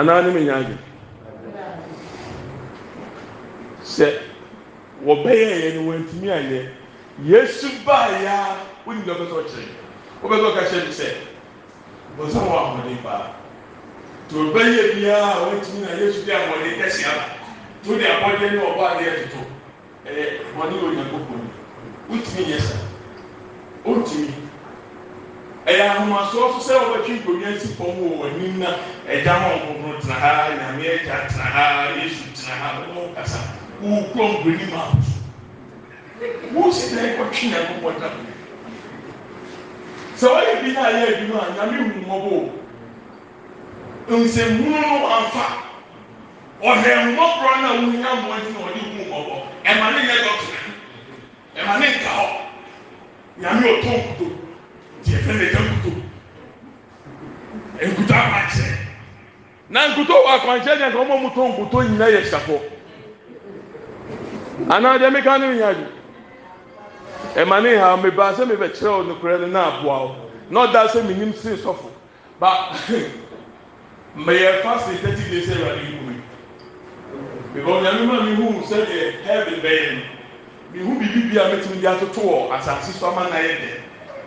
anaa ne menya adwene sɛ wɔbɛyɛ yɛ no wɔntumi anyɛ yesu baayɛ a wonni deɛ ɔbɛsɛ ɔkyerɛ wobɛsɛ ɔka kyerɛ no sɛ wɔsɛ wɔ ahoɔden paa nti ɔbɛyɛ biara a wɔntumi na yesu de ahoɔden kɛse ama to de abɔdeɛ ne ɔbɔ adeɛ toto ɛyɛ wɔne onyankopɔn wotumi nyɛ sa ɔntumi ɛyɛ ahomasoɔ so sɛ wɔbɛtwe nkonnwa si fam wɔ w'anim na ɛgya ma ɔkɔkoro tena ha nyame agya tena ha yesu tena ha bɛma wo kasa wokura nkonim ako so wosi na ɛkɔtwe nyankopɔn da sɛ wɔyɛ bi na ayɛ adwuma a nyame hu mmɔbɔ o nsɛmmuno no amfa ɔhɛ mmɔborɔ na wonya mmɔden na ɔde hu mmɔbɔ ɛma ne yɛ dɔtena ɛma ne nka hɔ nyame ɔtɔ nkuto deɛ fɛn de ka nkuto akwankyɛ na nkuto wɔ akwankyɛ deɛ nka wɔn a nkuto nyinaa yɛ hyafo anaa deɛ ne ɛma ne ha no na na ɔda sɛ sɔfo ba mɛyɛ fasi ɛwɛ adi mi hu bɛyɛ no mi hu bi a atoto wɔ so ama na yɛ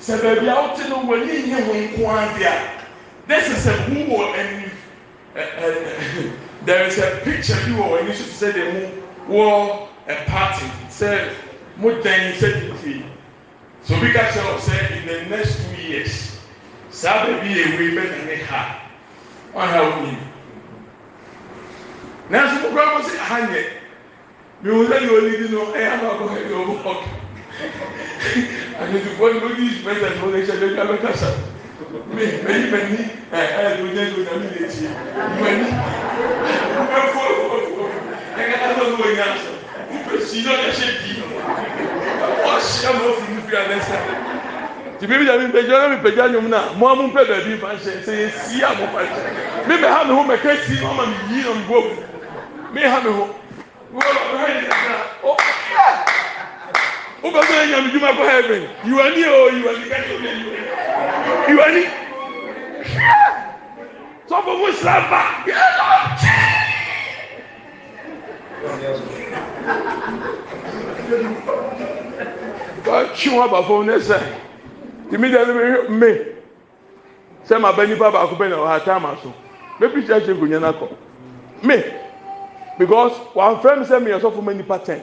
sɛ baabi a wote no w'ani nye ho nko ara this is a mu wɔ there is a picture bi wɔ anim so sɛ deɛ mu wɔ a party sɛ mo dan sɛ titi so bi ka kyerɛ sɛ in the next two years saa baabi yɛ ewu bɛ na ne ha wɔn ha wɔn nim nanso mo kura mo sɛ ha nyɛ mi wò sɛ yɛ olidi no ɛyɛ ama kɔ ɛyɛ ɔmo ɔkè. àdètùpọ̀ ní lójú ìsìpẹ́sì àti wọ́n lè ṣe ẹgbẹ́ alọ́kàṣà mẹ́ni mẹ́ni ẹ̀ ẹ̀ ló jẹ́ ìlú nàmí lè ṣe mẹ́ni ẹ̀ fọ́ fọ́ ẹ̀ kẹ́kẹ́ tó lọ́wọ́ yẹn aṣọ wúpẹ̀ sí iná ẹ̀ ṣe bí ọ̀ṣẹ́ àmọ́ fún mi fi alẹ́ sẹ́ tìbí mi dàbí mpẹjọ náà mi pẹjọ anyom náà mo amú mpẹ bẹẹbi nfa nhyɛ sɛ yɛ si àmú fa nhyɛ mi bɛ ha mi ho mɛ kɛ si ɔma mi yi na mi bɔ mi ha mi ho nyame dwuma kɔ heaven yiwani o yiwani yiwani sɔfo mu sira ba wɔtwi wọn ba fɔm ne sɛ immediately mi me sɛ ma bɛ nipa baako bɛ na ɔha taa ma so mepi kyerɛ kyerɛ nkonya na kɔ me because wɔn afɛn mi sɛ mi yɛ sɔfo mɛ nipa ten.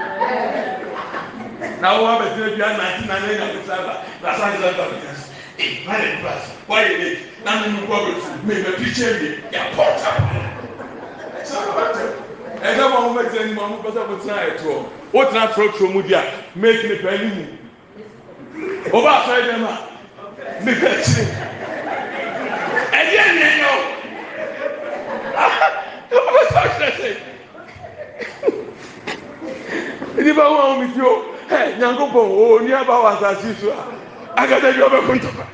w ẹ nyankopɔn o ní aba wà asase so a akadé bi ɔbɛ fún ntɔkwa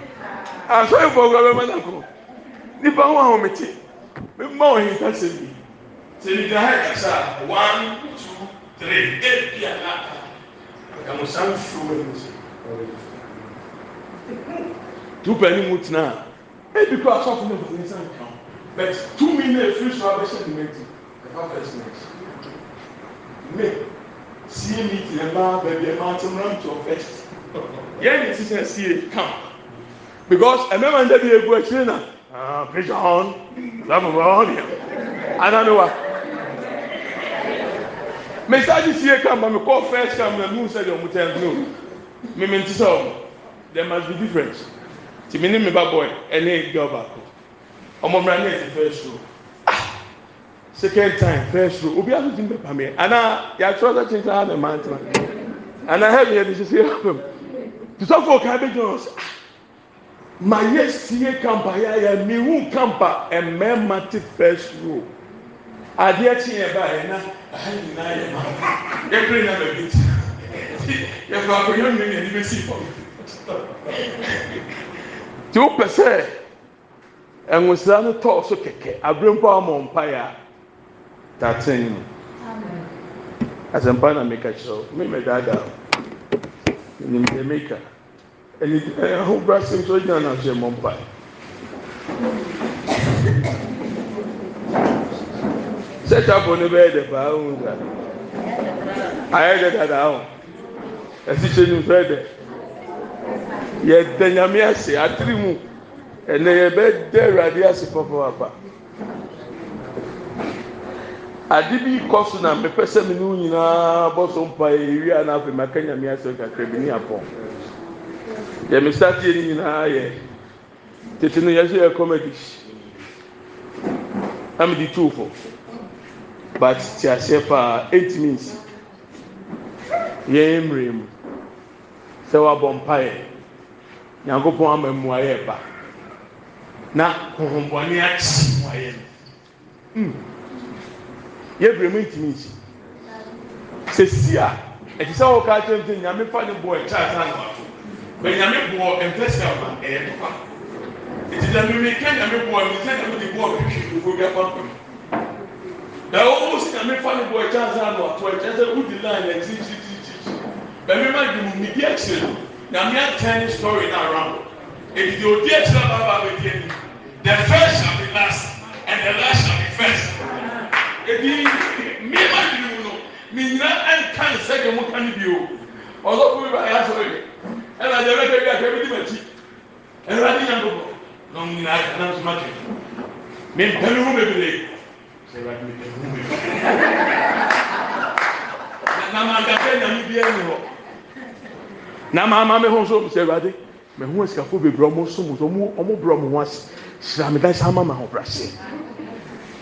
asɔyɛfo ɔgbɛ bɛ mɛna kó nipa ho ahomete mɛ mma wɔn hinta sɛ bi. sèmìtì ha kasa one two three eight bi a na ɔdàmúsán fún wẹni sè tupa ni mu tena ebi kɔ asɔfo ne bɔ nisan kan but two minutes free so abɛhyɛ ne mɛnti ɛfa first night me sie meet na ɛma baabi ɛma ati mmeran to first yɛn ne sisan sie kam because mmarima nda bi egu akyire na prison lamuba ɔnia ananiwa mesaji sie kam ma mi kɔ first kam na mu sɛ de ɔmo tɛn no mímí ti sɛ ɔmo there must be difference tìmí ní mi ba boy ɛne girl baako ɔmo mmeran ní ɛsɛ fɛ sùn. sen time first obiaso gim ɛameɛ an yɛarɛ sɛ kyenaa ma anɛnhysɛɛ tisɔfo ɔka bɛgano sɛ ma yɛsie kampa yɛayɛ mehu kampa mɛma te first ro adeɛkyeɛ baɛn nti wopɛ sɛ ɛwosra no tɔ so kɛkɛ aberɛmpo amɔmpaea daten mu asɛmpa na meka kyerɛ me mɛdaadaa nim deɛ meka ɛni ahobra asɛm so gyina na so ɛmmɔ mpa sɛtapɔ no bɛyɛ dɛ paa hu da ayɛ dɛ dadaa ho asikyɛ nim fɛ dɛ yɛda nyame ase atiri mu ɛnɛ yɛbɛda awurade ase pɔpɔ aba ade bi kɔ so na mepɛ sɛ me ne wo nyinaa bɔ so mpa ɛwi a na afei maka nyame asɛ kakra bi ne apɔ deɛ mesateɛ no nyinaa yɛ tete no yɛhyɛ yɛ comedy na mede too fo but te aseɛ paa ɛntimi nsi yɛn mmerɛ mu sɛ woabɔ mpaeɛ nyankopɔn ama mmuayɛ ba na honhombɔne akyi mmuayɛ no hmm. yɛbrɛm timi nti sɛ siea ɛkye sɛ woka knt nyame fane boɔ kyase natnyame boɔmplsaɛntn s nyamefan boɔ kyase ntkysɛudeltekki bɛemadwmumedi akyerɛ no name akane story no ara ntideodiakyirɛ bababdii te first shall be last and te last shalbe first memadenm no menyina nkan sɛde mo kane bio sɔm wyeaho mbenamangaɛnamebiaa nhɔ na mama me hososɛ awurde meho asikafo bebra ɔmosɔmobrɔmoho rɛmedasɛma mahobrasɛ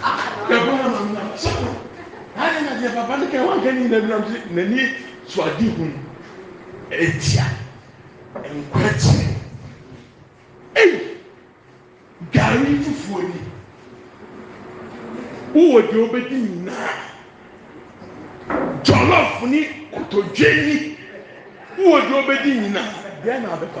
yɛbɔ wɔn nam nam na deɛ papa ne kɛn wankɛ ne nyinaa bi nam sɛ n'ani so adi hun etia nkwɛkyerɛ eyi gari fufuo ni wowɔ deɛ wobɛdi nyinaa jɔlɔf ni kotodwe ni wowɔ deɛ wobɛdi nyinaa deɛ na abɛfa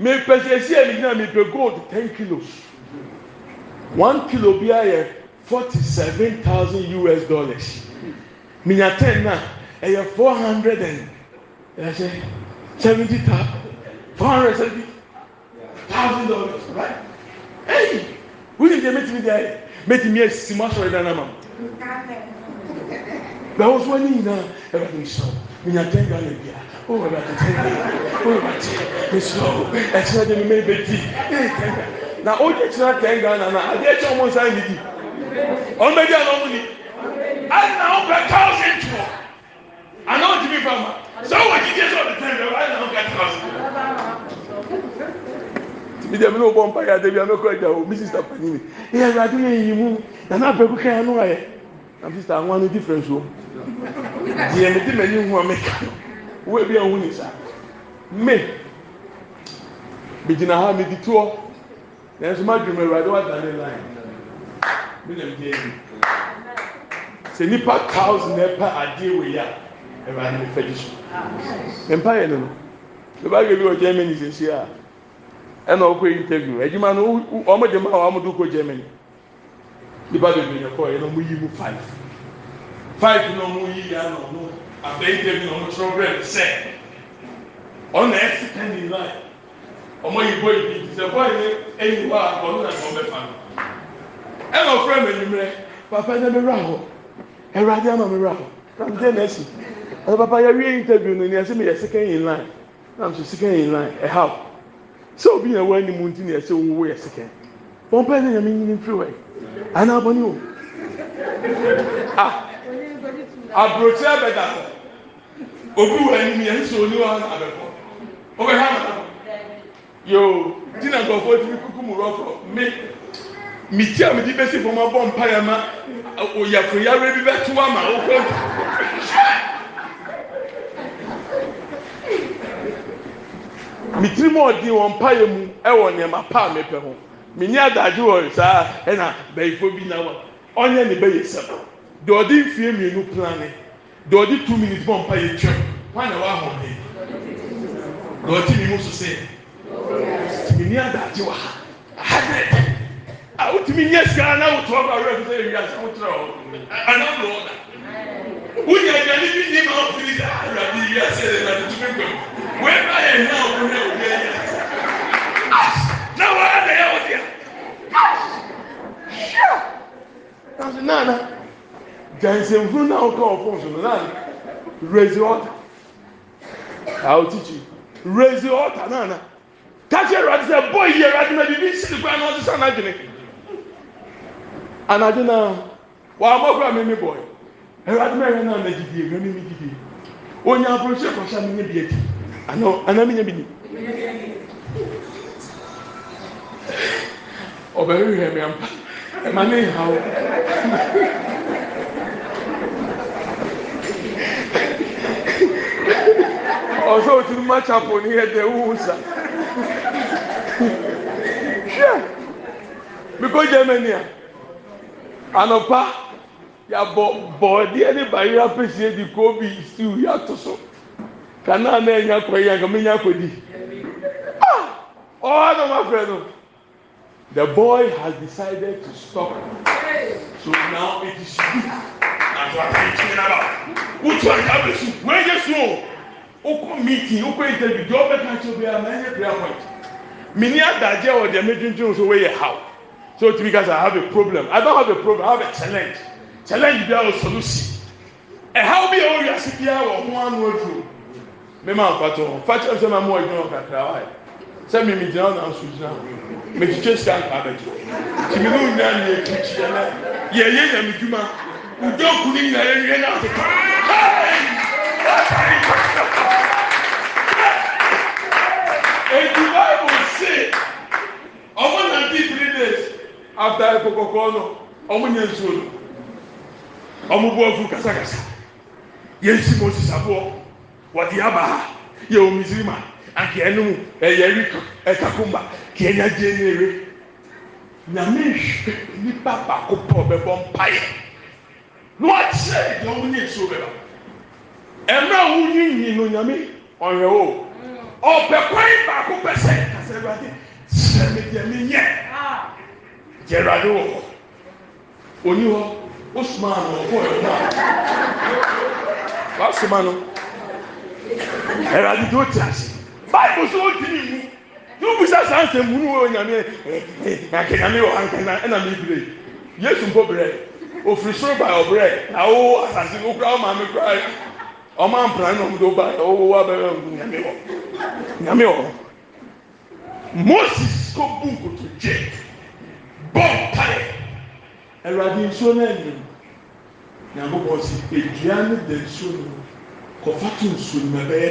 mepɛ siesie ne nyinaa mepɛ gold ten kilos one kilo bi ayɛ forty seven thousand us dollars minya ten na ɛyɛ e four hundred and ɛyɛ e seventy thousand four hundred seventy thousand dollars right ɛyi wuli de metumi de ayɛ metumi esi mu asɔrɔ ɛdan na ma bɛn wosoɔ ne nyinaa ɛbɛ to nsɔn minya ten gallon bia o wɔ bɛ e ten gallon o wɔ bɛ ten mesra o ɛkyerɛ de mi mɛ bɛ di ee ten na o de kyerɛ ten gallon na adeɛ kyɛ ɔmo nsa nidi ɔmo bɛ di a na ɔmo ni ayi na ɔmo bɛ thousand ana o ti mi fa ma sɛ ɔwɔ jijie sɛ ɔde ten gallon ayi na ɔmo bɛ thousand mi dẹ̀ mi ní o ya mpa ya débi amẹ́kọ̀ọ́ ẹ̀dá o mi sísá pàdé mi ìyá ìrọ̀lẹ́ adúlẹ̀ yìí mú nana abẹ́kú kẹ́hìn anú ayẹ na sista anwa no difference o deɛ mede m'ani hu a meka no woebi a wohu ni saa me megyina ha medi toɔ nanso madwene mu awurade wadane line me na mede ani sɛ nipa cows na ɛpa adeɛ wɔ yi a awurade me fɛ gye so mpa yɛ no no bɛba yɛ bi wɔ germany sɛsie a ɛna ɔkɔ interview adwuma no ɔmo de ma a ɔmo de kɔ germany nipa bebree yɛ kɔ yɛ na ɔmo yi mu five five na ɔmo yi yɛ na ɔmo abɛyi dɛm na ɔmo kyerɛ brɛ sɛ ɔna ɛsi kɛndi line ɔmo yi bɔ yi bi sɛ bɔ yi ne ɛyi hɔ a ɔno na ɔmo bɛfa no ɛna ɔfrɛ mɛ nimerɛ papa ɛna mɛ wura hɔ ɛwura de ama mɛ wura hɔ nam de na ɛsi ɛna papa yɛ wie interview no nea ɛsɛ mi yɛ second in line nam so second in line ɛhaw sɛ obi yɛ wɔ anim nti na ɛsɛ owo yɛ second wɔn pɛ ne nyame nyini firi wɛ anaa bɔne o a aburokyi abɛda kɔ obi wɔ anim yɛn nso oni wɔn abɛkɔ ɔbɛha ama yoo ti na nkurɔfoɔ ti mi kuku mu rɔfrɔ mi mi ti a mi di bɛsi fɔm abɔ mpa yɛ ma oyafuyare bi bɛ to ama okɔ mi tiri mu ɔdi wɔn mpa yɛ mu ɛwɔ nneɛma pa mi pɛ ho menye adagye wɔ saa ɛna bɛyifo bi na wa ɔnyɛ ne bɛyɛ sɛm deɛ ɔde mfie mmienu plane deɛ ɔde two minutes bɔ mpa yɛ twɛm wọn na wa ahoɔden deɛ ɔte ne mu so sɛ menye adagye wɔ ha ahabrɛ a wotumi nye sika na wotu ɔba awura fi sɛ ewi ase wotura hɔ anam na ɔda wonya aduane bi ni ma ɔfiri sɛ awura bi ewi ase na tutumi gbɛm wɛba yɛ nyɛ ɔmo na obi ayɛ na wa na ɛyɛ you. dea nanso nana jansenfunu náà wọ́n kọ́ ọ̀ fún sunu náà raise water àwọn títí raise water nana kájí ẹ̀rọ̀dì sẹ́ bọ́ọ̀ yìí ẹ̀rọ̀dì náà bíbí sí ìgbà náà ọ̀sísá náà jìnnì anadé náà wàá mọ̀kúrà mímí bọ̀ ẹ̀rọ̀dì náà yẹn náà I'm jìbì ẹ̀rọ mímí jìbì onye àbúrò ṣe kọ̀ọ̀ṣà I'm bìí ẹ̀tì àná mímí bìí. ɔbɛhwehwɛ me ampa ɛma ne nha wo ɔsɛ otiri ma chapel ne yɛ dɛ wohu sa hwɛ bikɔ germany a ya yabɔ bɔɔdeɛ ne bayera pesie di kobi stew na ɛnya kɔ yi a ah! nkà mi nya ọ ọ na The boy has decided to stop. So now it is you that you are preaching about. Which one can bless you? When you know, okun meeting, okun interview, the other country will be a many prayer point. Many other jail or the amazing things away how. So to me, guys, I have a problem. I don't have a problem. I have a challenge. Challenge be our solution. And how be all your CPR or one word through? Mema, Fatou, Fatou, I'm more ignorant than I sɛmimizianasa metsitsiankabɛd timinntutiɛn yɛyenyamiduma udekuniyinayena ɛdu bible se ɔmonati 3 days ate okɔkɔno ɔmonyesiolo ɔmobuku kasakasa yesimsisab wataba yɛomisirima anka ɛnum ɛyɛ ɛri ɛkakumba kìí ɛnya gye n'ere nyame nhwɛ nipa baako pɔ ɔbɛbɔ mpaeɛ na wakyerɛ deɛ ɔmo nye nsuo bɛba ɛmɛ a wonyi nyi no nyame ɔyɛ o ɔbɛ kwan e baako pɛ sɛ kasa ɛwurade kyerɛ mi deɛ mi nyɛ gye ɛwurade wɔ hɔ onyi hɔ osoma ano ɔkɔ ɛwɔ naa wasoma no ɛwurade do ti ase. bible sɛ wotinimu duwbisa sansɛmu n nyameak eh, eh, eh, nyameɔɛnamebre yesu mpɔ brɛ ɔfiri soro bi ɔbrɛ nawo asase ookora ɔmame kra ɔmamprane nmdbaabɛnna moses kɔbuo ge bɔ karɛ awurade nsuo no nim nakobɔ sɛ adua no dansuo no kɔfato nsuo nimabɛyɛ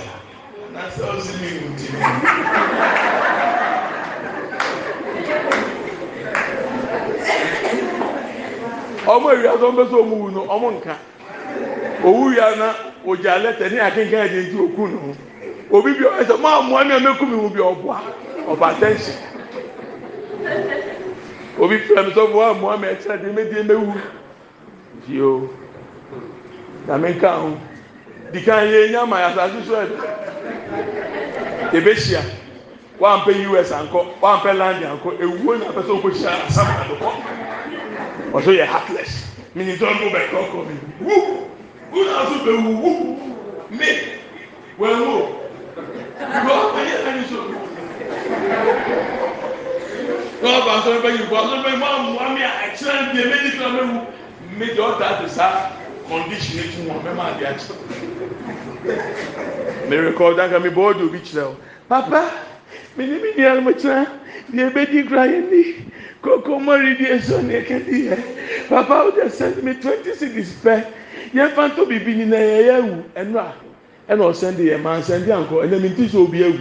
na sọọsi mi wùdí mi. ọmọ ìwé asọ ń bẹ sọ ọmọ wù nù ọmọ nǹkan òwú yà ná ọjà lẹtẹ ní òkú nù òbí bí ọ ẹsẹ máa mú ẹmí ẹmẹkú mi attention obi wa mú ẹmí ẹkyẹrẹ yìí na dikan yɛ nyama asase so ɛdi ebehyia wampɛ us ankɔ wampɛ land ankɔ ewuo na apɛ sɛ okohyia asam adokɔ ɔso yɛ heartless minitɔn mo bɛ kɔkɔ mi wu wu na so bɛ wu wu mi wɛn wo wɔ ɔyɛ ɛni so wọ́n bá sọ pé yìí bọ́ sọ pé mọ́ àmú àmì àkyerẹ́ ndíyẹ méjì tó ń bẹ wù mí jọ́ ta ti sá. ndi kyene tɛmade akyɛ merekdanka mebɔ de obi kyerɛ o papa menime nianomkyena deɛ bɛgi kora yɛni kokommɔredi ɛsuneɛka deyɛ papa woda sende me 20 sigis pɛ yɛmfa ntɔ birbi ni na yɛyɛ awu ɛnɔ a ɛne ɔsɛnde yɛ mansande ankɔ ɛna menti sɛ obi awu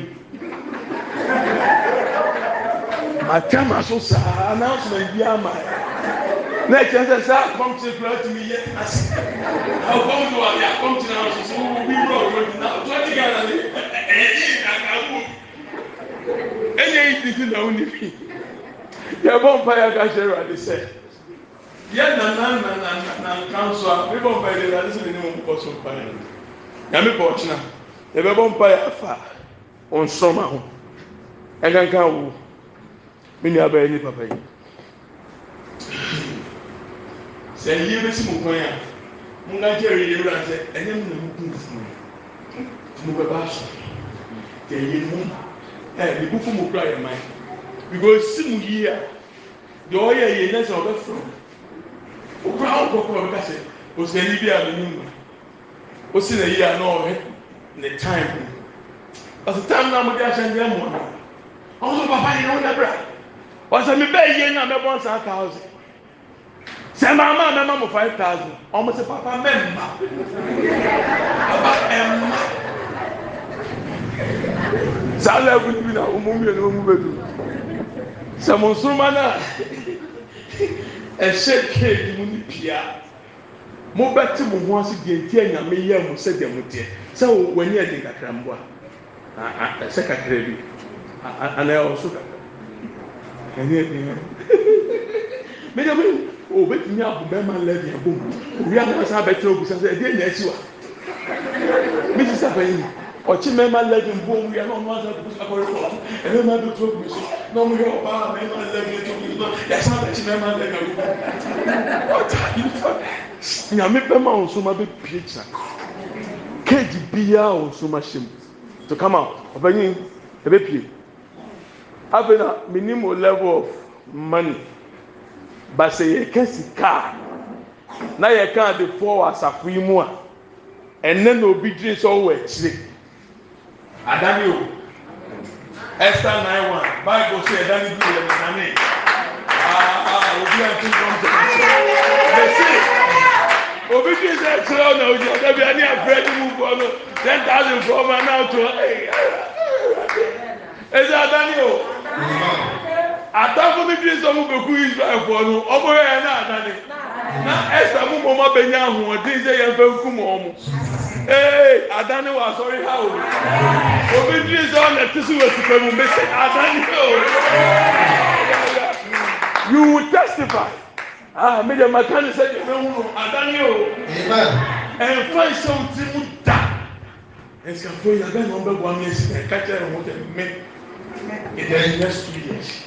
matama so saa announcement bia maɛ na ɛkyɛn sɛ sɛ akɔmkyerɛ kura tumi yɛ ase ɔkɔm do a yɛ akɔmkyerɛ ahosuo wo bi wura ɔwura bi na ɔtɔ ti gana ne ɛyɛ yi kaka wo ɛnyɛ yi titi na wo nifi yɛ bɔ mpa yɛ aka kyerɛ ɛwurade sɛ yɛ na na. nankan so a mi bɔ mpa yɛ ɛwurade sɛ mi ni mo bɔ so mpa yɛ nyame bɔ ɔkyina yɛ bɛ bɔ mpa yɛ afa ɔnsoroma ho ɛkankan wo mi ni abɛyɛ ni papa yi sɛ yie bɛsi mu kwan a eh, mo na gye ɛyɛ ewura sɛ ɛnyɛ mu na mo kun funu tí mo bɛ ba so tɛ yie mu ɛɛ ebi fún mo kura yɛ man because si mu yie a deɛ ɔyɛ yie nɛsɛ ɔbɛ funu okura awo kɔkɔ ɔbɛ kasɛ osani bi a ne mu ma osi na yie a na ɔhɛ ne time ɔsi time na mo de ahyɛ ndé mu ɔno ɔno papa yi na ɔno ɛbra ɔsɛ mi bɛ yie na mɛ bɔ nsa thousand sẹ maama a mẹma mo five thousand ọmọ sẹ papa mẹma papa mẹma saa lẹẹfù níbi na ọmọ mi yẹn ní ọmọ bẹẹ dùn sẹ mo nsọmọ náà ɛhyɛ keeki mu ni pia mo bɛ te mo ho ase deɛ nti ɛnyame yɛ mo sɛ deɛ mo deɛ sɛ wo w'ani ɛdi kakra mboa a a ɛsɛ kakra bi a anayɛ ɔso kakra ɛni ɛdi yɛ mẹjọ mi o bẹ ti ní abo mẹma lẹbi ẹbọ mu òwúrọ anamọ sábà bẹ tẹ o busa sẹ ẹdí ẹnyà ẹsì wa mi ti sábà yìí ọtí mẹma lẹbi mbọ òwúrọ yà náà ọmọ asá tó sábà yọ wà ẹmẹma bẹ tó bu so náà ọmọ yọ ọba mẹma lẹbi ẹtọ bu so yà sábà ti mẹma lẹbi ẹbọ mu ọtá yìí fà nyàmé bẹ ma ọ̀nso bẹ pie kyà kéèjì bíyà ọ̀nso ma hyẹ mu to come out ọbẹ yín ẹbẹ pie afei na mi level of money ba sɛ yɛka sika na yɛka adefoɔ wɔ asafo yi mu a ɛnɛ na obi gyere sɛ ɔwɔ akyire adane o ɛsta nine one baibu sɛ ɛdane bi yɛ ɛdane aa ah, ah, ah, obi a tún kɔn tɛ bɛsi obi gyere sɛ ɛkyerɛ ɔna ojú ɔdɛ bi ani afrɛ ni mu bɔ no ten thousand four ma na to ɛyà ɛyà ɛdane o atamfo mi firi sọ mo bẹku israẹfọ no ọmọ yẹn náà nani na ẹsẹ mu mọ ọmọ bẹnyẹ ahoɔden sẹ yẹn fẹ nkú mọ ọmọ ee adani wa asọri ha o obi firi sọ ọna ti so wọ sikẹ mu mbese adani o you will testify ah mi dẹ ma kani sẹ yẹn fẹ nkú adani o ẹnfọ ẹsẹ o ti mu da ẹsẹ afọ yàgbẹ náà ọbẹ bu amẹ ẹsẹ ẹka kyerẹ ẹwọn tẹ mẹ it is next two years.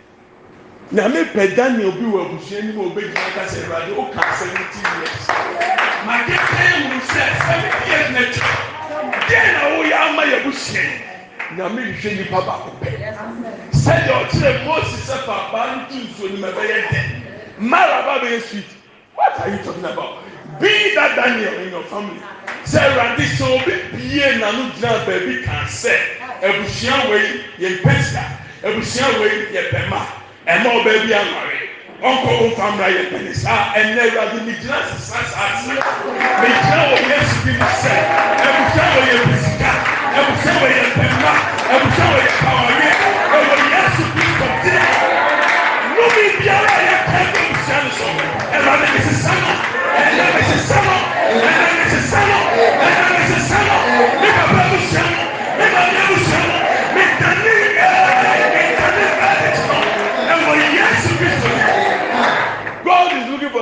nyame pɛ daniel bi wɔ abusua nim a obegyina kasa awurade o ka seventy years ma de pɛn mu sɛ seventy years na den na woyɛ ama yɛ abusua yi nyame nhwɛ nipa baako pɛ sɛdeɛ ɔkyerɛ mose sɛ papa no tu ni nim ɛbɛyɛ dɛ ba bɛyɛ sweet what are you talking about be that daniel in your family sɛ awurade sɛ obi bie n'ano gyina baabi kan sɛ abusua wɔ yi yɛ mpɛsita abusua wɔ yi yɛ bɛma ɛma ɔbaa bi anware ɔnkɔ wɔn fa mmra yɛ pɛni saa ɛnna awurade mi gyina sisa saase mi gyina wɔ yɛ sidi mi sɛ ɛbusa wɔ yɛ bisika ɛbusa wɔ yɛ pɛma ɛbusa wɔ yɛ.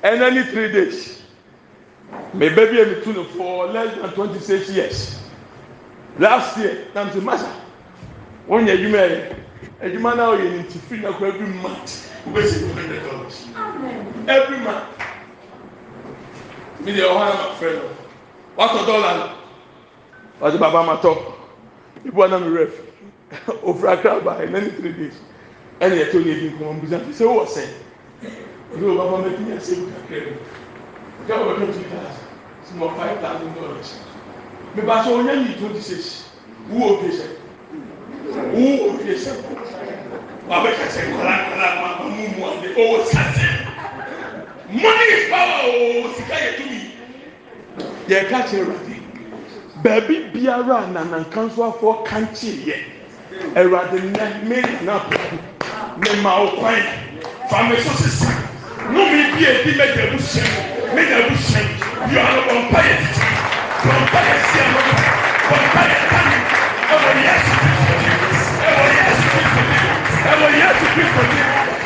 And yesu three days My baby emi tu no for less than twenty six years last year I'm the sẹ When you yẹ edwuma yẹ edwuma náà yẹ ni ti fi every month every month mi de ọhán fẹ lọ wàtọ dọlà ni wàtí bàbá ma tọ ibu anam ref ofura kraba ẹ nẹni three days ẹni ẹ tó yẹ bi nkọmọ mbuzan fi sẹ wọ sẹ ọdí o bàbá mi tiẹ sẹ wúkà kẹrẹ ọdí àwọn ọdún two thousand smọ five thousand dollars mi bá sọ ọnyá yìí twenty six wú òkè sẹ wú òkè sẹ wà bẹ kẹsẹ nkọlá nkọlá máa mú mu àdé owó sàtẹ money is power o sika yẹ tóbi yɛka kyerɛ awurade baabi biara a nanankansoafoɔ kankye yɛ awurade nnɛ me na ne ma wo kwan fa me so sesa nome bi a di mɛgya abuhyɛn mɛgya abuhyɛn yɔ ano bɔmpa yɛ titi bɔmpa yɛ si ano bɔmpa yɛ kano ɛwɔ yɛsu kristo di ɛwɔ yɛsu kristo di ɛwɔ yɛsu kristo di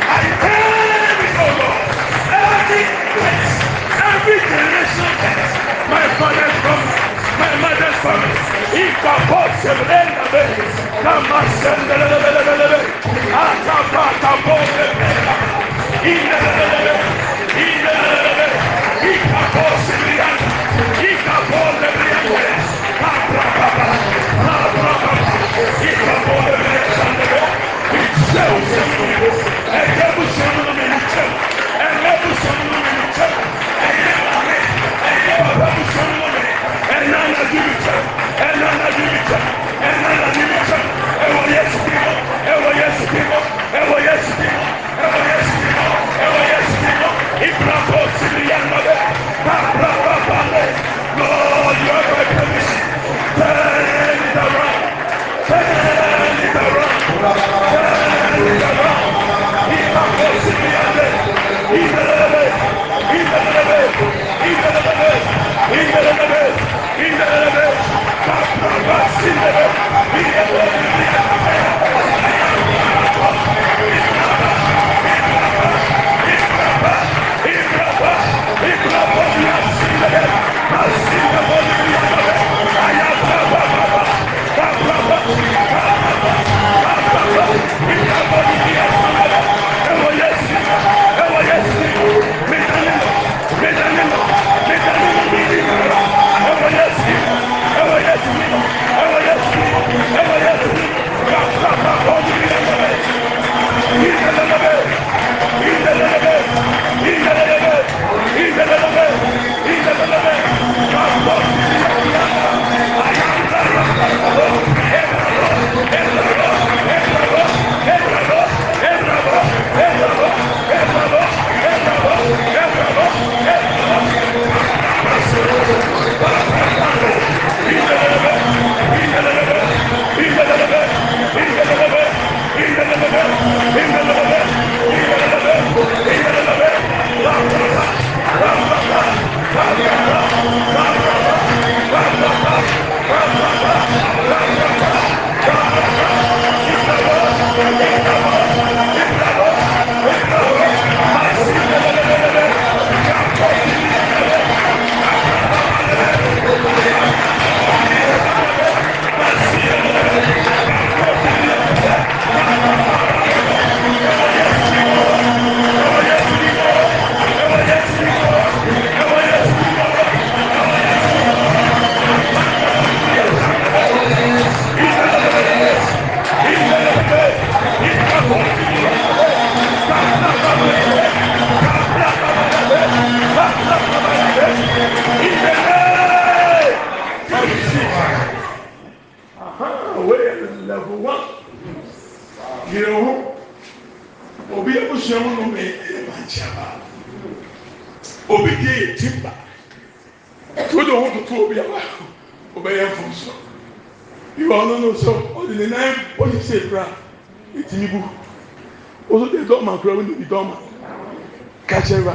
i tell you o lord everything. ب د ب م a ب Sinderelim! Sinderelim! Kaptan bak sinderelim! Sinderelim!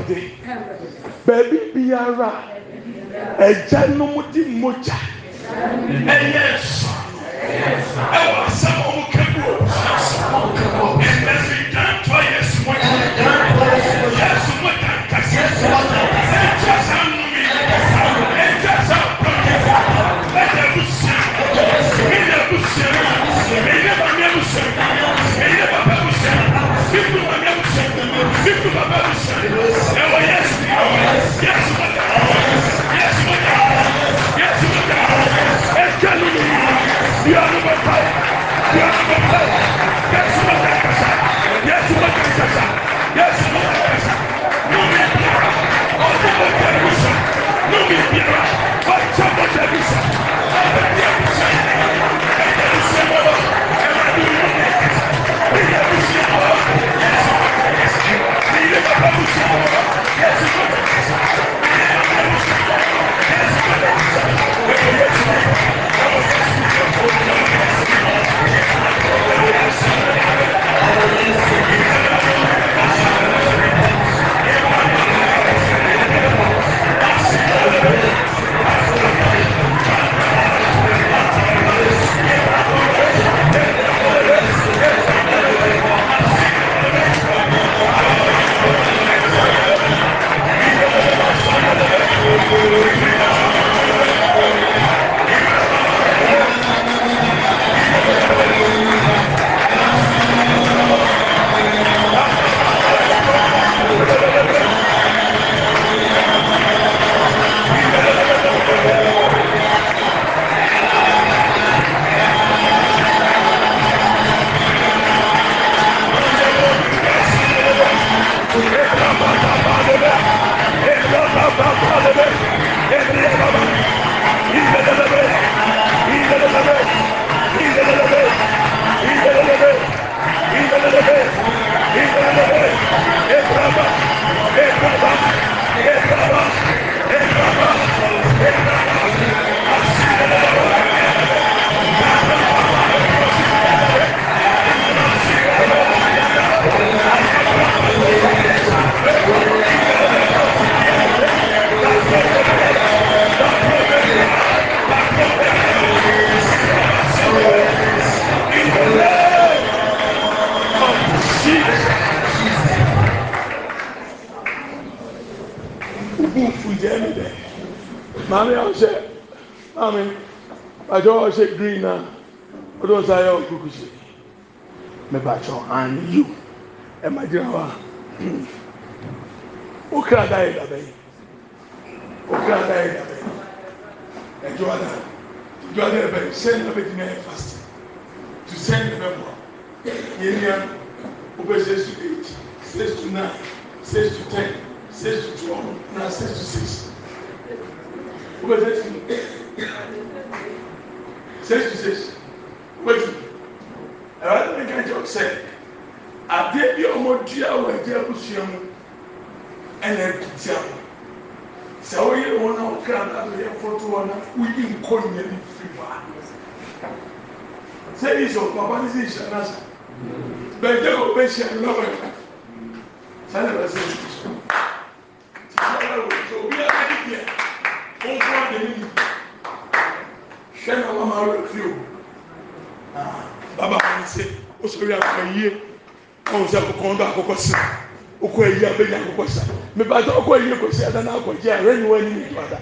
awurade baabi biara agyanom di mogya ɛyɛ ɛso akyɛ ɔhyɛ green na ɔde ɔsa ayɛ ɔkuku se mɛba akyɛ ɔhan yiw ɛma gyina hɔ a okra da yɛ daba yi okra da yɛ daba yi ɛdwa da ɛdwa da yɛ bɛ yi sɛn na bɛ gyina yɛ fast to sɛn na bɛ bɔ yɛn nia ɔbɛ six to eight six to nine six to ten six to twelve na six to six ɔbɛ six to eight six to six wetu ɛwɛde mi kan kyerɛ sɛ adeɛ bi a wɔdua wɔ agya abusua mu ɛna ɛkutia wɔn sɛ wɔyɛ wɔn a wɔkra na wɔyɛ fɔto wɔn a wɔyi nkɔnyɛ bi firi hɔ a sɛbi sɛ papa ne si hyɛ n'asa bɛgye wɔ bɛ hyɛ lɔɔre saa na bɛ sɛ ɛsɛ wɔyɛ wɔ sɛ obi a bɛ di deɛ wɔn fɔ adi ne mu. sẹ́ni ọmọ máa rẹ̀ sí o ah, bàbá mi ṣe ó sọ wíwá yíyé ọ̀hún sẹ́ kọ́kọ́ ọ̀dọ́ àkọ́kọ́ sí okó ẹ̀yí abẹ́yẹ àkọ́kọ́ sí mi bá tọ́ okó ẹ̀yí kò sí àdáná àkọ́jẹ́ àrẹ́ ni wọ́n ní ìlú àdá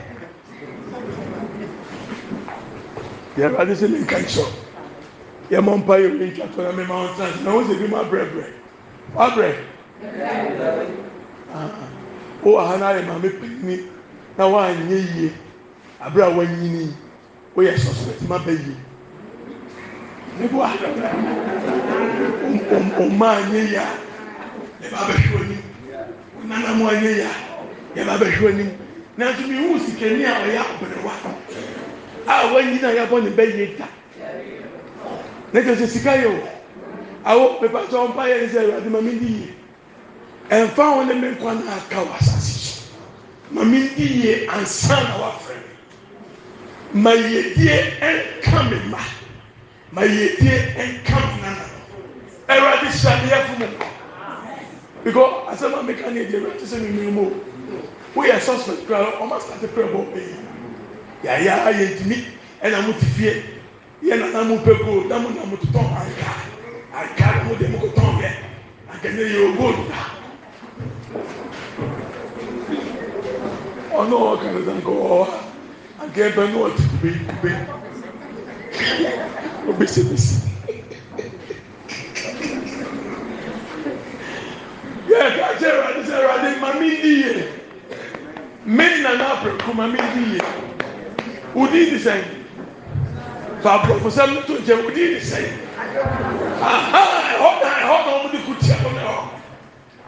yàrá ní nǹkan ìṣọ́ yẹ mpa máa ń tán náà sì fi máa wá ah, ó wà hánà woyɛ sɔstima bɛye neboa ma nyeye a nɛ bɛbɛhwɛnim nanamu anyeyea yɛbɛbɛhwɛnim nanto miwu sikɛni a ɔyɛ berewa awanyina yɛbɔne bɛye da ne kɛsɛ sika yɛwo awo pɛpato fayɛ ni sɛ awade mamedi ye ɛmfa ho ne me nkɔane akaw asase so mamendi ye ansan na wofrɛ ma yiedie nka me ma ma yiedie nka me nana ɛwurade hyɛ adeɛ fún mi because asɛm a meka ne edi ɛwurade sɛ mímu mu woyɛ suspect kura ɔmo asate pere bɔ pɛyi yaya ayɛ ntumi ɛna mo ti fie yɛ nana mo pe gold na mo na mo totɔ anka anka mo de mo ko tɔn yɛ anka ne yɛ o gold na ɔno ɔkara sanko ɔha. gɛbɛnowati b obɛsms yɛka kɛ wrade sɛ wrade mamediye meni nana prɛku mamediye wodi de sɛn fagɔpo sɛ mtokyɛ wodi desɛ ha ɛhɔna mode kotiamon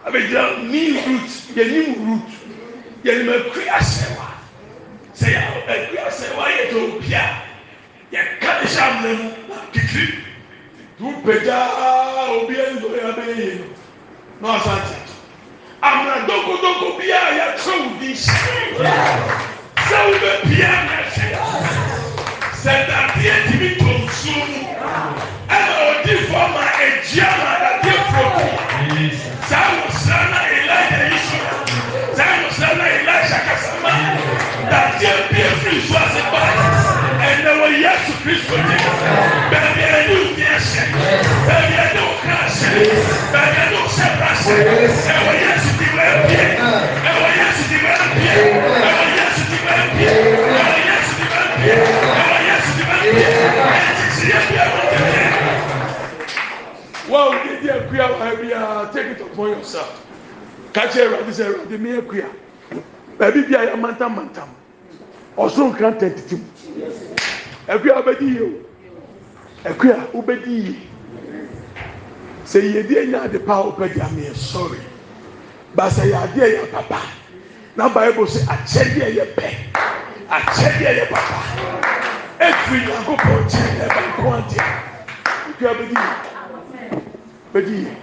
amɛgya ni wrot yɛnim wrot yɛnimakrasewa ɔsɛ wayɛ tonbia yɛkanesɛmlɛ mu kiti dwupedza obiandyabɛyɛyeno neasatet amna dokodoko biaa yatow disi sɛwbebia na sɛ dadiɛ timi tɔnsun ɛnɛ ɔdifɔ ma ediala ẹ̀yẹ ní òkè àṣẹ ẹ̀yẹ ní òṣè àṣẹ ẹ̀wọ̀ yẹsù ti bẹ́ẹ̀ bíẹ́ ẹ̀wọ̀ yẹsù ti bẹ́ẹ̀ bíẹ́ ẹ̀wọ̀ yẹsù ti bẹ́ẹ̀ bíẹ́ ẹ̀wọ̀ yẹsù ti bẹ́ẹ̀ bíẹ́ ẹ̀wọ̀ yẹsù ti bẹ́ẹ̀ bíẹ́ ẹ̀yẹ ti sì yẹ bíẹ́ wọ́n ti bíẹ́. wọ́n ní di ẹ̀kúyà wà á bí i take it upon yourself kàchí ẹ̀rọ àti sẹ̀rọ àti mí ẹ̀kúyà bẹ̀ẹ̀bí bí ayé mantamantam ọ̀sùn kan tẹ̀ tìtìm ẹ̀kúyà ọbẹ̀ dí yìí o ẹ̀kúyà ọbẹ̀ dí yìí sɛ yɛde anya ade pa a wopɛ de ama yɛsɔre basa yɛ adeɛ yɛ papa na bible sɛ akyɛdeɛ yɛ pɛ akyɛdeɛ yɛ papa efiri nyankopɔn kyɛn na ɛba nko adeɛ nkura bɛdi yɛ bɛdi yɛ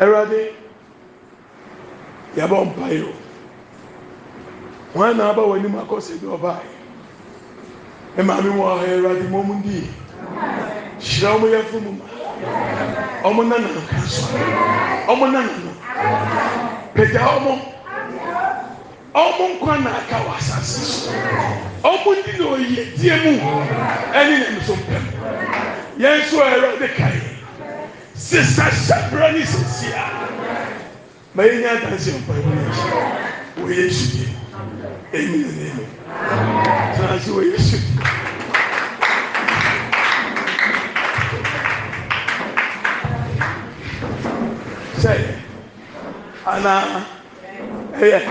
ɛwurade yɛbɔ mpa yɛ o wɔn na aba wɔn anim akɔsɛ bi ɔba e yɛ ɛmaame wɔn ha ɛwurade mɔmu di yɛ hyira wɔn yɛ funu mu ma. ọmọ nana no ọmọ nana no pẹja ọmọ ọmọ nkwa na aka wọ asase so ọmọ ndị na oyi die mu ɛne na nso mpɛm yɛn nso ɛrɛ de ka yi sisa hyɛbrɛ ne sisi a ma yɛn nyɛ adansi mkpa ɛmu na ɛhyɛ wɔyɛ esu die ɛmu na ɛmu sɛ أنا هي